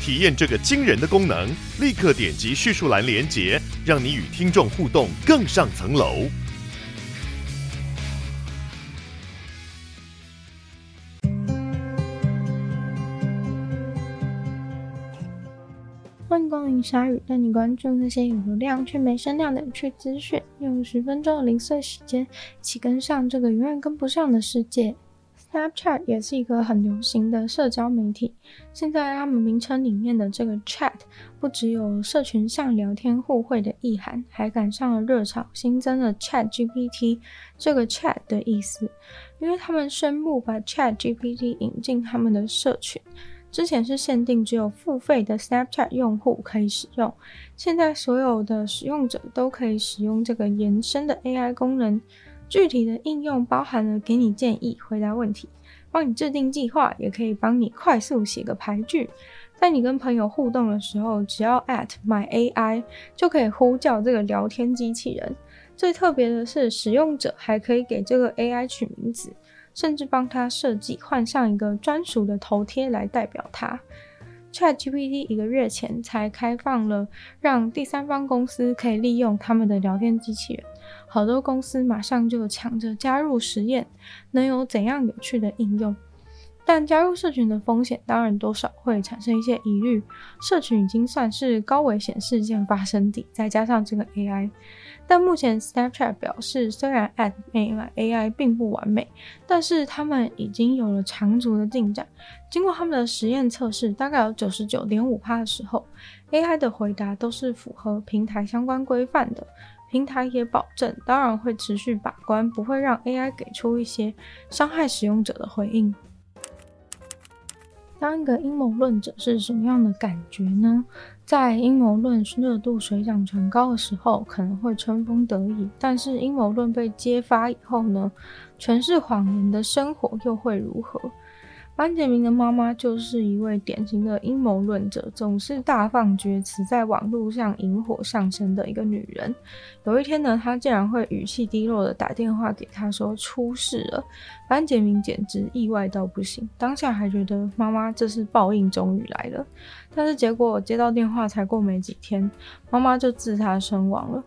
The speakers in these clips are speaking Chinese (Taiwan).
體驗這個驚人的功能，立刻點擊敘述欄連接，讓你與聽眾互動更上層樓。歡迎光臨鯊語，帶你關注那些有流量卻沒聲量的有趣資訊。用十分鐘的零碎時間，一起跟上這個永遠跟不上的世界。Snapchat 也是一個很流行的社交媒體。現在他們名稱裡面的這個 chat 不只有社群上聊天互惠的意涵，還趕上了熱潮，新增了 ChatGPT 這個 chat 的意思。因為他們宣布把 ChatGPT 引進他們的社群，之前是限定只有付費的 Snapchat 用戶可以使用，現在所有的使用者都可以使用這個延伸的 AI 功能。具體的應用包含了給你建議、回答問題、幫你制定計劃，也可以幫你快速寫個俳句。在你跟朋友互動的時候，只要 @My AI 就可以呼叫這個聊天機器人。最特別的是，使用者還可以給這個 AI 取名字，甚至幫他設計換上一個專屬的頭貼來代表他。ChatGPT 一個月前才開放了，讓第三方公司可以利用他們的聊天機器人。好多公司馬上就搶着加入實驗，能有怎樣有趣的應用？但加入社群的風險當然多少會產生一些疑慮。社群已經算是高危險事件發生地，再加上這個 AI。但目前 Snapchat 表示，雖然 ADMAL AI 並不完美，但是他們已經有了長足的進展。經過他們的實驗測試，大概有九十九點五趴的時候，AI 的回答都是符合平台相關規範的。平台也保證，當然會持續把關，不會讓 AI 給出一些傷害使用者的回應。當一個陰謀論者是什麼樣的感覺呢？在陰謀論熱度水漲船高的時候，可能會春風得意，但是陰謀論被揭發以後呢？全是謊言的生活又會如何？班傑明的媽媽就是一位典型的陰謀論者，總是大放厥詞，在網絡上引火上身的一個女人。有一天呢，她竟然會語氣低落的打電話給他，說出事了。班傑明簡直意外到不行，當下還覺得媽媽這是報應終於來了。但是結果接到電話才過沒幾天，媽媽就自殺身亡了。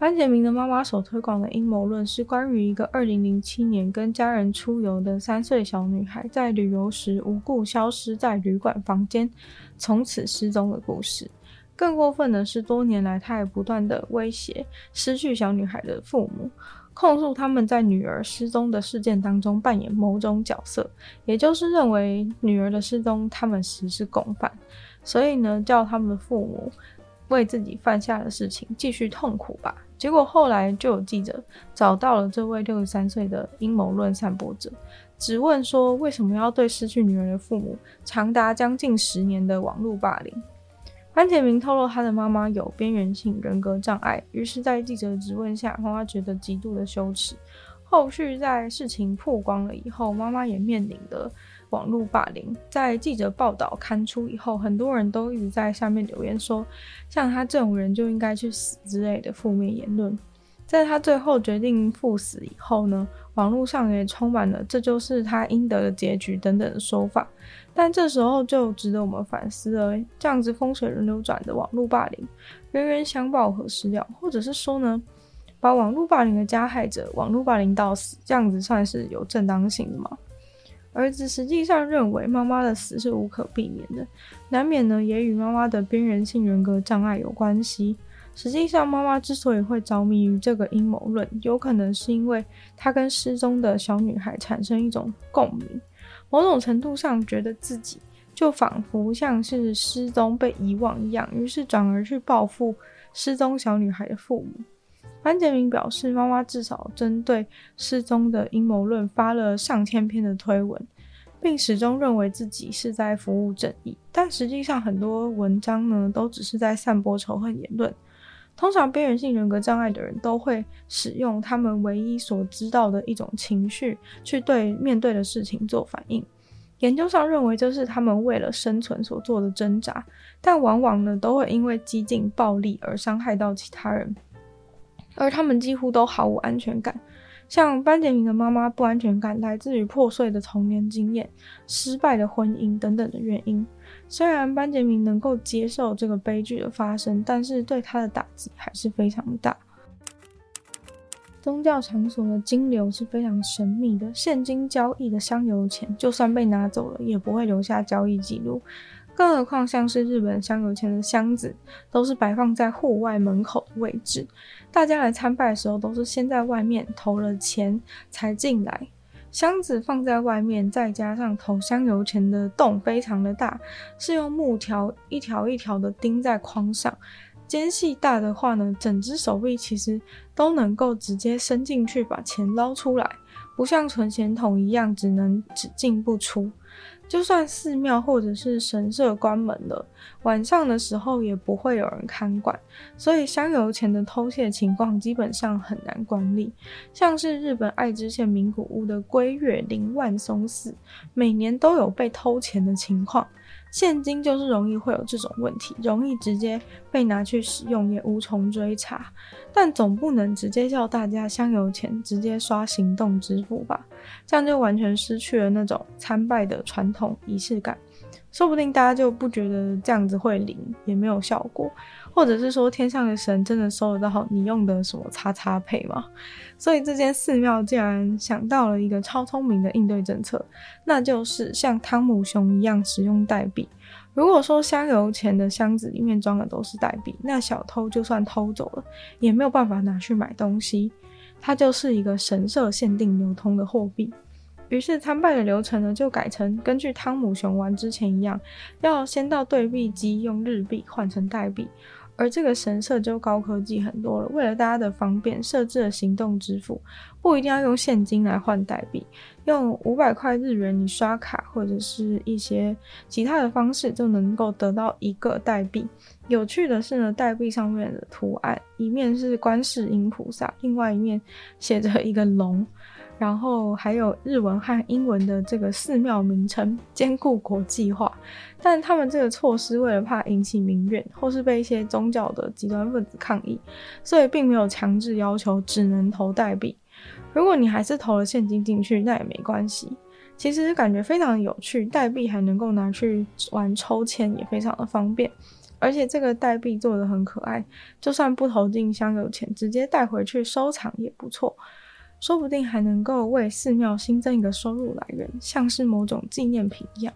潘杰明的媽媽所推廣的陰謀論是關於一個2007年跟家人出遊的三歲小女孩，在旅遊時無故消失在旅館房間，從此失蹤的故事。更過分的是，多年來她也不斷的威脅失去小女孩的父母，控訴他們在女兒失蹤的事件當中扮演某種角色，也就是認為女兒的失蹤他們實施共犯，所以呢叫他們的父母。為自己犯下的事情繼續痛苦吧。結果後來就有記者找到了這位六十三歲的陰謀論散播者，質問說為什麼要對失去女兒的父母長達將近十年的網絡霸凌？潘杰明透露他的媽媽有邊緣性人格障礙，於是，在記者的質問下，讓他覺得極度的羞恥。後續在事情曝光了以後，媽媽也面臨的網絡霸凌。在記者報道刊出以後，很多人都一直在下面留言說，像他這種人就應該去死之類的負面言論。在他最後決定赴死以後呢，網絡上也充滿了這就是他應得的結局等等的說法。但這時候就值得我們反思了，這樣子風水輪流轉的網絡霸凌，冤冤相報何時了？或者是說呢？把網絡霸凌的加害者網絡霸凌到死，這樣子算是有正當性的嗎？兒子實際上認為媽媽的死是無可避免的，難免呢也與媽媽的邊緣性人格障礙有關係。實際上，媽媽之所以會着迷於這個陰謀論，有可能是因為她跟失蹤的小女孩產生一種共鳴，某種程度上覺得自己就仿佛像是失蹤被遺忘一樣，於是轉而去報復失蹤小女孩的父母。安杰明表示，媽媽至少針對失蹤的陰謀論發了上千篇的推文，並始終認為自己是在服務正義。但實際上，很多文章呢都只是在散播仇恨言論。通常邊緣性人格障礙的人都會使用他們唯一所知道的一種情緒去對面對的事情做反應。研究上認為，這是他們為了生存所做的掙扎，但往往呢都會因為激進暴力而傷害到其他人。而他們幾乎都毫無安全感，像班杰明的媽媽，不安全感來自於破碎的童年經驗、失敗的婚姻等等的原因。雖然班杰明能夠接受這個悲劇的發生，但是對他的打擊還是非常大。宗教場所的金流是非常神秘的，現金交易的香油錢，就算被拿走了，也不會留下交易記錄。更何況，像是日本香油錢的箱子，都是擺放在戶外門口的位置。大家來參拜的時候，都是先在外面投了錢才進來。箱子放在外面，再加上投香油錢的洞非常的大，是用木條一條一條的釘在框上。間隙大的話呢，整隻手臂其實都能夠直接伸進去把錢撈出來，不像存錢筒一樣只能只進不出。就算寺廟或者是神社關門了，晚上的時候也不會有人看管，所以香油錢的偷竊情況基本上很難管理。像是日本愛知縣名古屋的龜嶽林萬松寺，每年都有被偷錢的情況。現金就是容易會有這種問題，容易直接被拿去使用，也無從追查。但總不能直接叫大家香油錢直接刷行動支付吧？這樣就完全失去了那種參拜的傳統儀式感。說不定大家就不覺得這樣子會靈，也沒有效果。或者是說天上的神真的收得到你用的什麼叉叉配嗎？所以這間寺廟竟然想到了一個超聰明的應對政策，那就是像湯姆熊一樣使用代幣。如果說香油錢的箱子裡面裝的都是代幣，那小偷就算偷走了，也沒有辦法拿去買東西，它就是一個神社限定流通的貨幣。於是參拜的流程呢，就改成根據湯姆熊玩之前一樣，要先到兌幣機用日幣換成代幣，而這個神社就高科技很多了。為了大家的方便，設置了行動支付，不一定要用現金來換代幣，用五百塊日元，你刷卡或者是一些其他的方式就能夠得到一個代幣。有趣的是呢，代幣上面的圖案，一面是觀世音菩薩，另外一面寫着一個龍。然後還有日文和英文的這個寺廟名稱，兼顧國際化。但他們這個措施，為了怕引起民怨或是被一些宗教的極端分子抗議，所以並沒有強制要求只能投代幣。如果你還是投了現金進去，那也沒關係。其實感覺非常有趣，代幣還能夠拿去玩抽籤，也非常的方便。而且這個代幣做得很可愛，就算不投進香油錢，直接帶回去收藏也不錯。說不定還能夠為寺廟新增一個收入來源，像是某種紀念品一樣。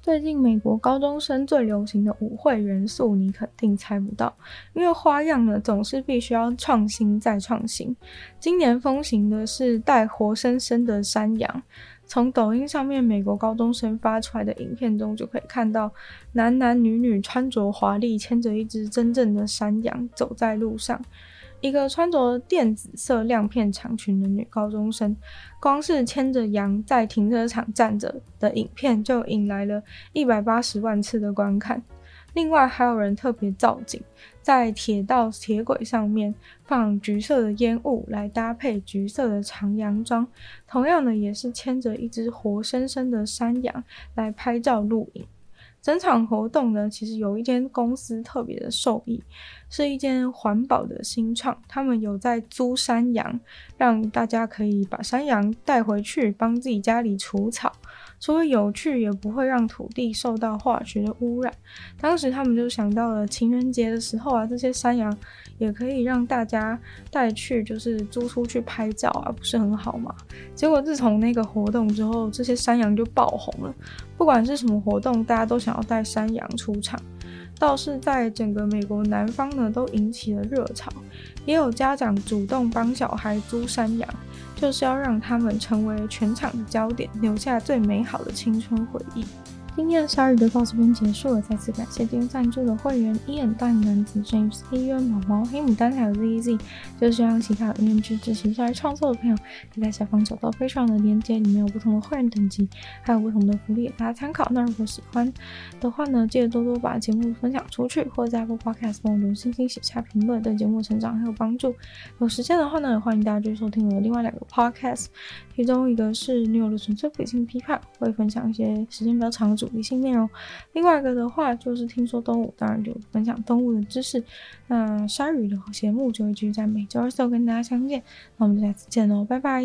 最近美國高中生最流行的舞會元素，你肯定猜不到，因為花樣呢總是必須要創新再創新。今年風行的是帶活生生的山羊，從抖音上面美國高中生發出來的影片中，就可以看到男男女女穿着華麗，牽着一隻真正的山羊走在路上。一個穿着電子色亮片長裙的女高中生，光是牽着羊在停車場站着的影片就引來了一百八十萬次的觀看。另外還有人特別造景，在鐵道鐵軌上面放橘色的煙霧來搭配橘色的長洋裝，同樣的也是牽着一只活生生的山羊來拍照錄影。整場活動呢，其實有一間公司特別的受益。是一間環保的新創，他們有在租山羊，讓大家可以把山羊帶回去幫自己家裡除草。除了有趣，也不會讓土地受到化學的污染。當時他們就想到了情人節的時候啊，這些山羊也可以讓大家帶去，就是租出去拍照啊，不是很好嗎？結果自從那個活動之後，這些山羊就爆紅了。不管是什麼活動，大家都想要帶山羊出場。倒是在整個美國南方呢，都引起了熱潮，也有家長主動幫小孩租山羊，就是要讓他們成為全場的焦點，留下最美好的青春回憶。今天的鯊語就到這邊結束了，再次感謝今天贊助的會員 Ian 大男子 James Ian 毛毛黑牡丹還有 Zez，就是要讓其他有志支持下來創作的朋友可以在下方找到非常的鏈接裡面有不同的會員等級還有不同的福利，大家參考。那如果喜歡的話呢，記得多多把節目分享出去，或在播 Podcast 中留星星寫下評論，對節目成長很有幫助。有時間的話呢，也歡迎大家去收聽我的另外兩個 Podcast，其中一個是女友的純粹不理性批判，會分享一些時間比較長。主理性內容。另外一個的話，就是聽說動物，當然就分享動物的知識。那鯊魚的節目就會繼續在每周二跟大家相見。那我們下次見嘍，拜拜。